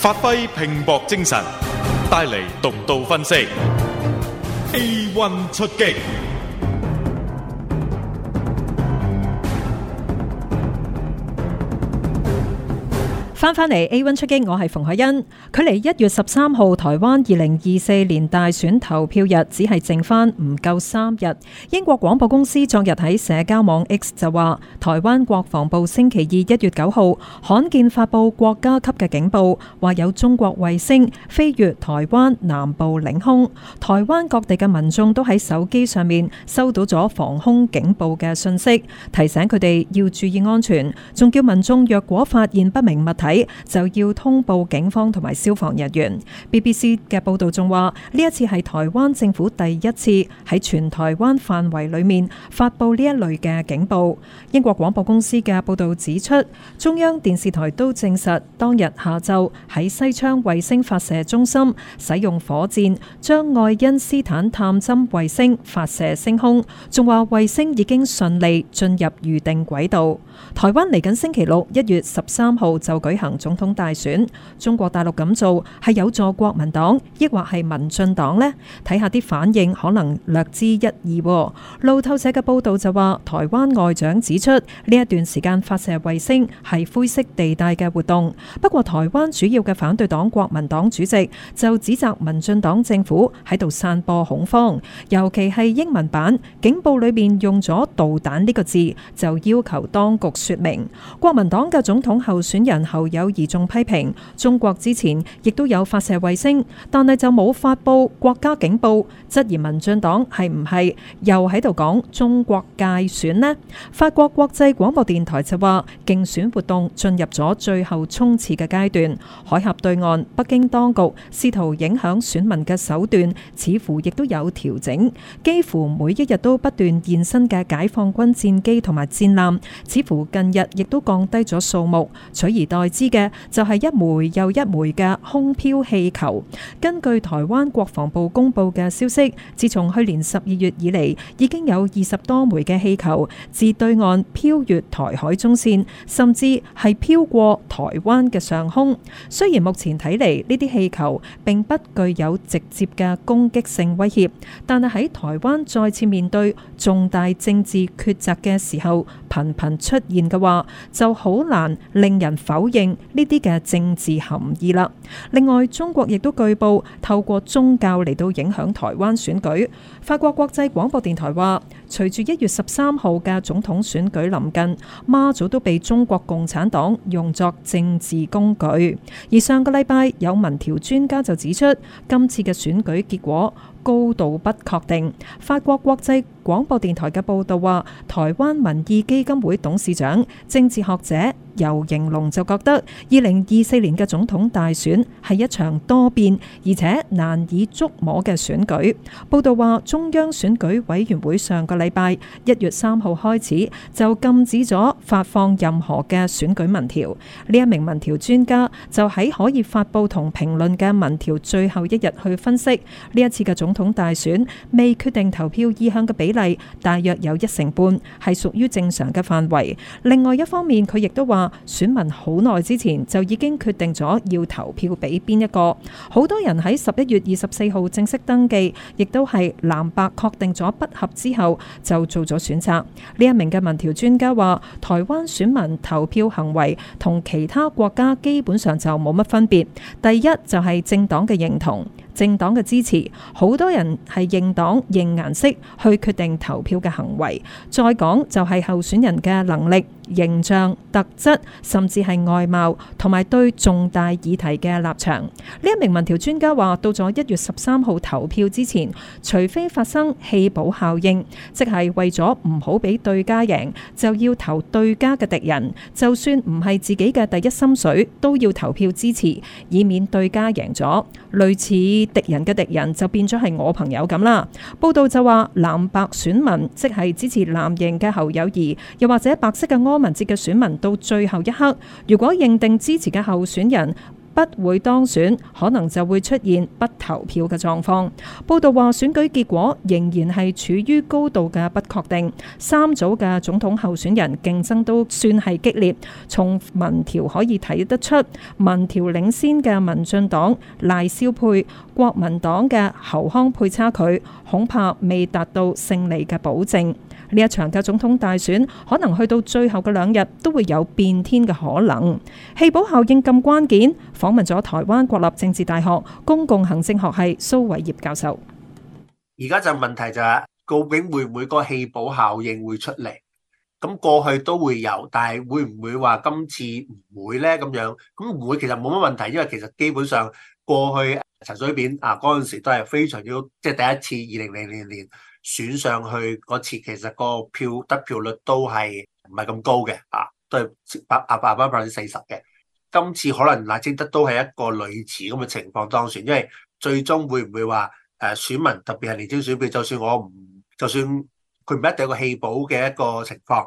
發揮拼搏精神，帶嚟獨到分析。A1 出擊。翻翻嚟 A1 出擊，我係馮凱欣。距離一月十三號台灣二零二四年大選投票日只係剩翻唔夠三日。英國廣播公司昨日喺社交網 X 就話，台灣國防部星期二一月九號罕見發布國家級嘅警報，話有中國衛星飛越台灣南部領空。台灣各地嘅民眾都喺手機上面收到咗防空警報嘅信息，提醒佢哋要注意安全，仲叫民眾若果發現不明物體。就要通報警方同埋消防人員。BBC 嘅報道仲話，呢一次係台灣政府第一次喺全台灣範圍裏面發佈呢一類嘅警報。英國廣播公司嘅報道指出，中央電視台都證實，當日下晝喺西昌衛星發射中心使用火箭將愛因斯坦探針衛星發射升空，仲話衛星已經順利進入預定軌道。台灣嚟緊星期六一月十三號就舉行總統大選，中國大陸咁做係有助國民黨，抑或係民進黨呢？睇下啲反應，可能略知一二。路透社嘅報道就話，台灣外長指出呢一段時間發射衛星係灰色地帶嘅活動。不過，台灣主要嘅反對黨國民黨主席就指責民進黨政府喺度散播恐慌，尤其係英文版警報裏面用咗導彈呢個字，就要求當局説明。國民黨嘅總統候選人候有疑眾批評，中國之前亦都有發射衛星，但係就冇發佈國家警報，質疑民進黨係唔係又喺度講中國介選呢？法國國際廣播電台就話，競選活動進入咗最後衝刺嘅階段，海峽對岸北京當局試圖影響選民嘅手段似乎亦都有調整，幾乎每一日都不斷現身嘅解放軍戰機同埋戰艦，似乎近日亦都降低咗數目，取而代之。知嘅就係一枚又一枚嘅空飄氣球。根據台灣國防部公布嘅消息，自從去年十二月以嚟，已經有二十多枚嘅氣球自對岸飄越台海中線，甚至係飄過台灣嘅上空。雖然目前睇嚟呢啲氣球並不具有直接嘅攻擊性威脅，但係喺台灣再次面對重大政治抉擇嘅時候，頻頻出現嘅話，就好難令人否認呢啲嘅政治含意啦。另外，中國亦都據報透過宗教嚟到影響台灣選舉。法國國際廣播電台話，隨住一月十三號嘅總統選舉臨近，媽祖都被中國共產黨用作政治工具。而上個禮拜，有民調專家就指出，今次嘅選舉結果高度不確定。法國國際廣播電台嘅報道話，台灣民意基金會董事長、政治學者。尤盈隆就覺得二零二四年嘅總統大選係一場多變而且難以捉摸嘅選舉。報道話，中央選舉委員會上個禮拜一月三號開始就禁止咗發放任何嘅選舉民調。呢一名民調專家就喺可以發布同評論嘅民調最後一日去分析呢一次嘅總統大選，未決定投票意向嘅比例大約有一成半係屬於正常嘅範圍。另外一方面，佢亦都話。選民好耐之前就已經決定咗要投票俾邊一個，好多人喺十一月二十四號正式登記，亦都係藍白確定咗不合之後就做咗選擇。呢一名嘅民調專家話：台灣選民投票行為同其他國家基本上就冇乜分別。第一就係政黨嘅認同、政黨嘅支持，好多人係認黨、認顏色去決定投票嘅行為。再講就係候選人嘅能力。形象、特質，甚至係外貌，同埋對重大議題嘅立場。呢一名民調專家話：到咗一月十三號投票之前，除非發生棄保效應，即係為咗唔好俾對家贏，就要投對家嘅敵人。就算唔係自己嘅第一心水，都要投票支持，以免對家贏咗。類似敵人嘅敵人，就變咗係我朋友咁啦。報道就話藍白選民，即係支持藍營嘅侯友宜，又或者白色嘅柯。民籍嘅選民到最後一刻，如果認定支持嘅候選人不會當選，可能就會出現不投票嘅狀況。報道話，選舉結果仍然係處於高度嘅不確定。三組嘅總統候選人競爭都算係激烈。從民調可以睇得出，民調領先嘅民進黨賴蕭配，國民黨嘅侯康配差距，恐怕未達到勝利嘅保證。呢一場嘅總統大選，可能去到最後嘅兩日都會有變天嘅可能。棄保效應咁關鍵，訪問咗台灣國立政治大學公共行政學系蘇偉業教授。而家就問題就係究竟會唔會個棄保效應會出嚟？咁過去都會有，但係會唔會話今次唔會呢？咁樣咁唔會其實冇乜問題，因為其實基本上過去陳水扁啊嗰陣時都係非常之即係第一次二零零零年。選上去嗰次其實個票得票率都係唔係咁高嘅啊，都係百啊百分百分之四十嘅。今次可能賴清德都係一個類似咁嘅情況當選，因為最終會唔會話誒選民特別係年輕選票，就算我唔，就算佢唔一定有個棄保嘅一個情況，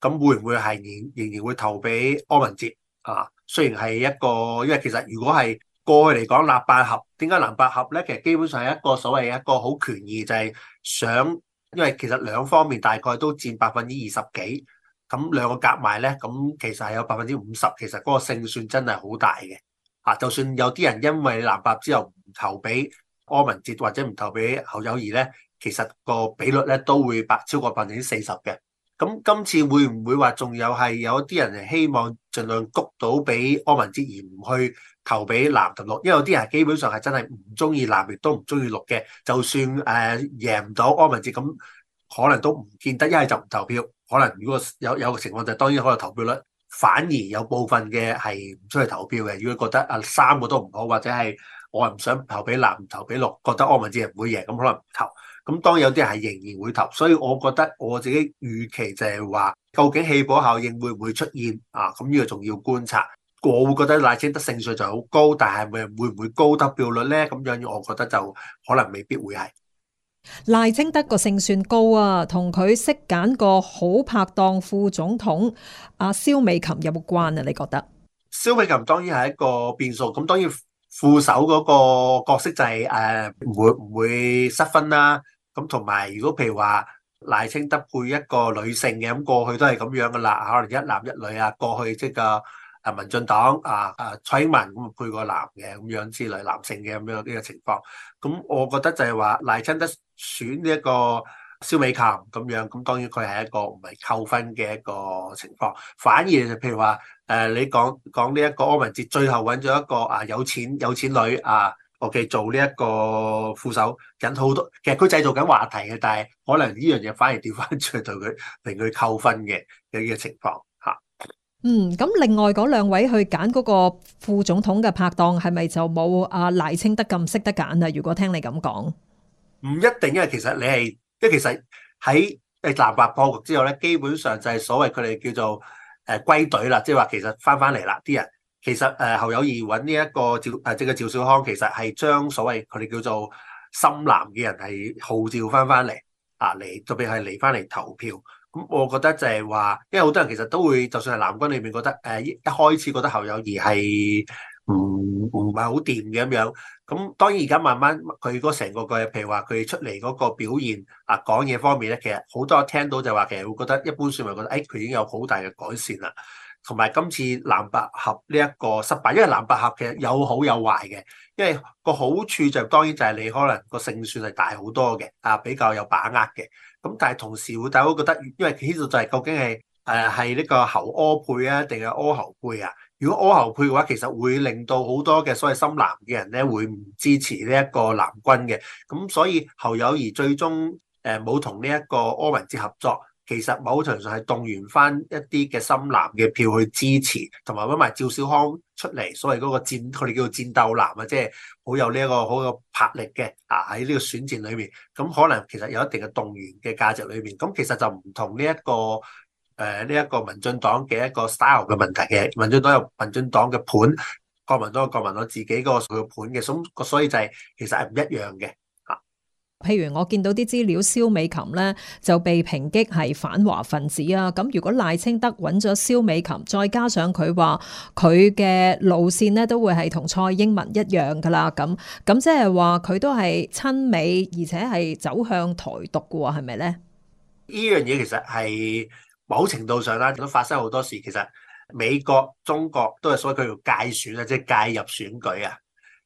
咁會唔會係仍仍然會投俾柯文哲啊？雖然係一個，因為其實如果係過去嚟講，藍白合點解藍白合咧？其實基本上係一個所謂一個好權宜，就係想，因為其實兩方面大概都佔百分之二十幾，咁兩個夾埋咧，咁其實係有百分之五十。其實嗰個勝算真係好大嘅。啊，就算有啲人因為藍白之後唔投俾柯文哲或者唔投俾侯友宜咧，其實個比率咧都會百超過百分之四十嘅。咁今次會唔會話仲有係有啲人係希望儘量谷到俾柯文哲而唔去投俾藍同綠，因為有啲人基本上係真係唔中意藍亦都唔中意綠嘅。就算誒贏唔到柯文哲，咁，可能都唔見得。一係就唔投票，可能如果有有個情況就係，當然可能投票率反而有部分嘅係唔出去投票嘅。如果覺得啊三個都唔好，或者係我唔想不投俾藍，投俾綠，覺得柯文哲唔會贏，咁可能唔投。咁當有啲人係仍然會投，所以我覺得我自己預期就係話，究竟棄保效應會唔會出現啊？咁呢個仲要觀察。我會覺得賴清德勝算就好高，但係會會唔會高得票率呢？咁樣，我覺得就可能未必會係賴清德個勝算高啊，同佢識揀個好拍檔副總統阿蕭美琴有冇關啊？你覺得？蕭美琴當然係一個變數，咁當然副手嗰個角色就係誒，會唔會失分啦？咁同埋如果譬如話賴清德配一個女性嘅，咁過去都係咁樣噶啦，可能一男一女啊，過去即係個。民進黨啊、啊蔡英文咁配個男嘅，咁樣之類男性嘅，咁樣呢個情況，咁我覺得就係話賴清德選呢一個蕭美琴咁樣，咁當然佢係一個唔係扣分嘅一個情況，反而就譬如話，誒、啊、你講講呢一個柯文哲最後揾咗一個啊有錢有錢女啊，O.K. 做呢一個副手，引好多其實佢製造緊話題嘅，但係可能呢樣嘢反而掉翻轉對佢令佢扣分嘅嘅情況。嗯，咁另外嗰兩位去揀嗰個副總統嘅拍檔，係咪就冇阿賴清德咁識得揀啊？如果聽你咁講，唔一定，因為其實你係即係，其實喺誒藍白破局之後咧，基本上就係所謂佢哋叫做誒歸隊啦，即係話其實翻翻嚟啦，啲人其實誒侯友宜揾呢一個趙誒即係趙少康，其實係將所謂佢哋叫做深藍嘅人係號召翻翻嚟啊嚟，特別係嚟翻嚟投票。咁、嗯、我覺得就係話，因為好多人其實都會，就算係藍軍裏面覺得，誒、呃、一開始覺得侯友宜係唔唔係好掂嘅咁樣。咁、嗯、當然而家慢慢佢嗰成個句，譬如話佢出嚟嗰個表現啊講嘢方面咧，其實好多人聽到就話，其實會覺得一般市民覺得，誒、哎、佢已經有好大嘅改善啦。同埋今次藍白合呢一個失敗，因為藍白合嘅有好有壞嘅，因為個好處就係、當然就係你可能個勝算係大好多嘅，啊比較有把握嘅。咁但係同時會大家都覺得，因為呢度就係究竟係誒係呢個侯柯配啊，定係柯侯配啊？如果柯侯配嘅話，其實會令到好多嘅所謂深藍嘅人咧，會唔支持呢一個藍軍嘅。咁所以侯友宜最終誒冇同呢一個柯文哲合作。其實某程度上係動員翻一啲嘅深藍嘅票去支持，同埋揾埋趙少康出嚟，所謂嗰個戰，佢哋叫做戰鬥藍啊，即係好有呢一個好有魄力嘅，啊喺呢個選戰裏面，咁可能其實有一定嘅動員嘅價值裏面，咁其實就唔同呢一個誒呢一個民進黨嘅一個 style 嘅問題嘅，民進黨有民進黨嘅盤，國民黨有國民黨自己個佢嘅盤嘅，咁所以就係其實係唔一樣嘅。譬如我見到啲資料，蕭美琴咧就被抨擊係反華分子啊！咁如果賴清德揾咗蕭美琴，再加上佢話佢嘅路線咧都會係同蔡英文一樣噶啦，咁咁即係話佢都係親美，而且係走向台獨嘅話，係咪咧？呢樣嘢其實係某程度上啦，都發生好多事。其實美國、中國都有所謂叫做介選啊，即係介入選舉啊。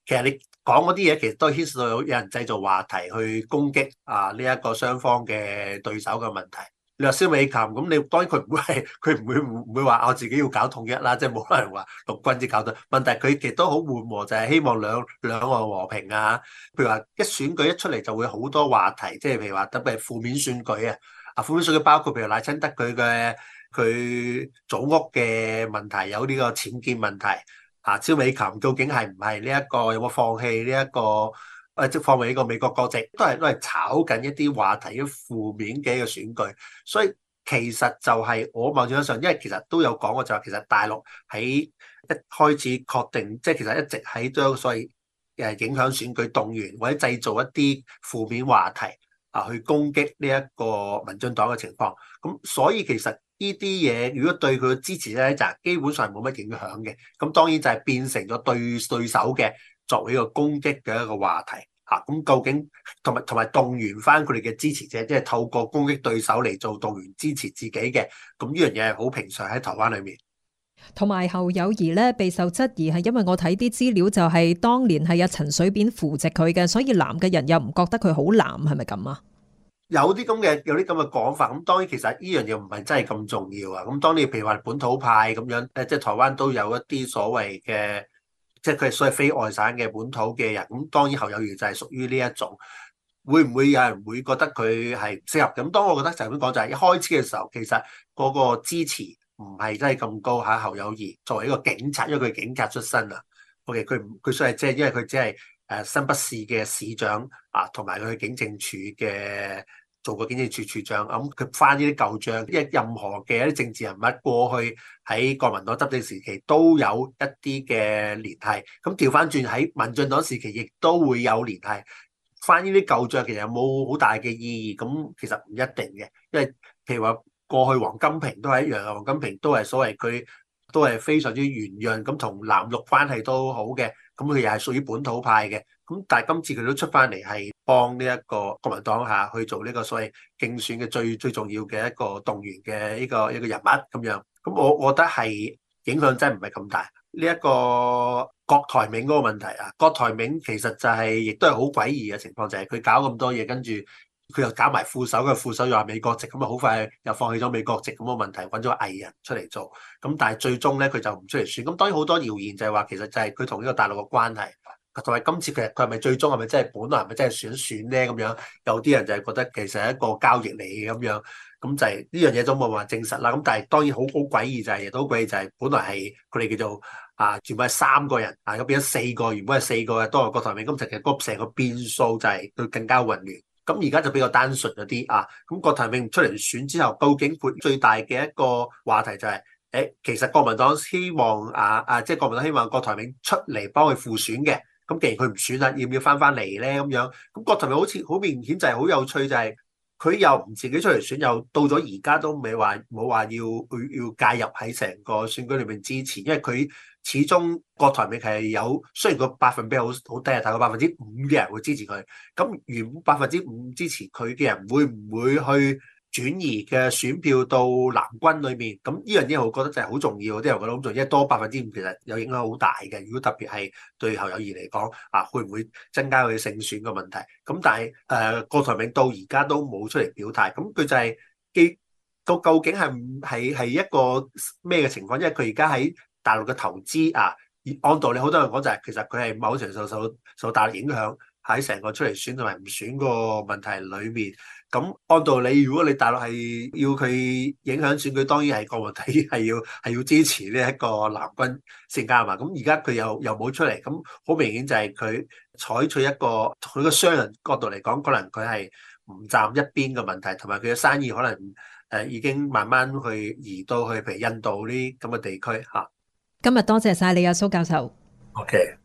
其實你。講嗰啲嘢其實都牽涉到有人製造話題去攻擊啊呢一個雙方嘅對手嘅問題。你話蕭美琴咁，你當然佢唔會係，佢唔會唔會話我自己要搞統一啦，即係冇可能話陸軍子搞到。問題佢其實都好緩和，就係希望兩兩岸和平啊。譬如話一選舉一出嚟就會好多話題，即係譬如話特別係負面選舉啊。啊負面選舉包括譬如賴清德佢嘅佢祖屋嘅問題，有呢個僭建問題。啊！蕭美琴究竟係唔係呢一個有冇放棄呢、這、一個？誒即放棄呢個美國國籍，都係都係炒緊一啲話題嘅負面嘅一個選舉，所以其實就係我某種程度上，因為其實都有講過，就係其實大陸喺一開始確定，即、就、係、是、其實一直喺將所謂誒影響選舉動員或者製造一啲負面話題啊，去攻擊呢一個民進黨嘅情況，咁所以其實。呢啲嘢如果對佢嘅支持咧，就基本上冇乜影響嘅。咁當然就係變成咗對對手嘅作為一個攻擊嘅一個話題嚇。咁、啊、究竟同埋同埋動員翻佢哋嘅支持者，即係透過攻擊對手嚟做動員支持自己嘅。咁呢樣嘢係好平常喺台灣裡面。同埋侯友宜咧，備受質疑係因為我睇啲資料就係當年係有陳水扁扶植佢嘅，所以男嘅人又唔覺得佢好男係咪咁啊？是有啲咁嘅有啲咁嘅講法，咁當然其實呢樣嘢唔係真係咁重要啊。咁當你譬如話本土派咁樣，誒即係台灣都有一啲所謂嘅，即係佢所謂非外省嘅本土嘅人。咁當然侯友宜就係屬於呢一種，會唔會有人會覺得佢係唔適合咁？當我覺得就咁講，就係、是、一開始嘅時候，其實嗰個支持唔係真係咁高嚇。侯友宜作為一個警察，因為佢係警察出身、就是呃、啊。O.K. 佢唔佢所謂即係因為佢只係誒新北市嘅市長啊，同埋佢警政處嘅。做過警政署署長，咁佢翻呢啲舊賬，因為任何嘅一啲政治人物過去喺國民黨執政時期都有一啲嘅聯繫，咁調翻轉喺民進黨時期亦都會有聯繫，翻呢啲舊賬其實有冇好大嘅意義？咁其實唔一定嘅，因為譬如話過去王金平都係一樣，王金平都係所謂佢都係非常之圓潤，咁同藍綠關係都好嘅。咁佢又係屬於本土派嘅，咁但係今次佢都出翻嚟係幫呢一個國民黨下去做呢個所謂競選嘅最最重要嘅一個動員嘅一個一個人物咁樣，咁我我覺得係影響真係唔係咁大。呢一個郭台銘嗰個問題啊，郭台銘其實就係亦都係好詭異嘅情況，就係佢搞咁多嘢跟住。佢又搞埋副手嘅副手，副手又話美國籍咁啊，好快又放棄咗美國籍咁嘅問題，揾咗藝人出嚟做。咁但係最終咧，佢就唔出嚟選。咁當然好多謠言就係話，其實就係佢同呢個大陸嘅關係，同埋今次其實佢係咪最終係咪真係本來係咪真係想選咧？咁樣有啲人就係覺得其實係一個交易嚟嘅咁樣。咁就係呢樣嘢都冇話證實啦。咁但係當然好好詭異就係亦都詭異就係、是、本來係佢哋叫做啊，原本係三個人啊，而家變咗四個。原本係四個嘅多個郭台銘，今次其實個成個變數就係、是、佢更加混亂。咁而家就比較單純一啲啊！咁郭台銘出嚟選之後，究竟佢最大嘅一個話題就係、是，誒、欸，其實國民黨希望啊啊，即、啊、係、就是、國民黨希望郭台銘出嚟幫佢輔選嘅。咁、啊、既然佢唔選啦，要唔要翻翻嚟咧？咁樣咁、啊、郭台銘好似好明顯就係好有趣、就是，就係佢又唔自己出嚟選，又到咗而家都未話冇話要要，要介入喺成個選舉裏面支持，因為佢。始終郭台銘係有，雖然個百分比好好低，但係百分之五嘅人會支持佢。咁原本百分之五支持佢嘅人會唔會去轉移嘅選票到藍軍裏面？咁呢樣嘢我覺得就係好重要，啲人覺得好重要，因為多百分之五其實有影響好大嘅。如果特別係對侯友宜嚟講，啊會唔會增加佢嘅勝選嘅問題？咁但係誒，郭、呃、台銘到而家都冇出嚟表態。咁佢就係基到究竟係係係一個咩嘅情況？因為佢而家喺。大陸嘅投資啊，按道理好多人講就係其實佢係某程度受受大陸影響，喺成個出嚟選同埋唔選個問題裏面。咁按道理，如果你大陸係要佢影響選舉，當然係國民黨係要係要支持呢一個藍軍勝間啊嘛。咁而家佢又又冇出嚟，咁好明顯就係佢採取一個佢個商人角度嚟講，可能佢係唔站一邊嘅問題，同埋佢嘅生意可能誒、呃、已經慢慢去移到去譬如印度呢咁嘅地區嚇。啊。今日多謝晒你啊，蘇教授。OK。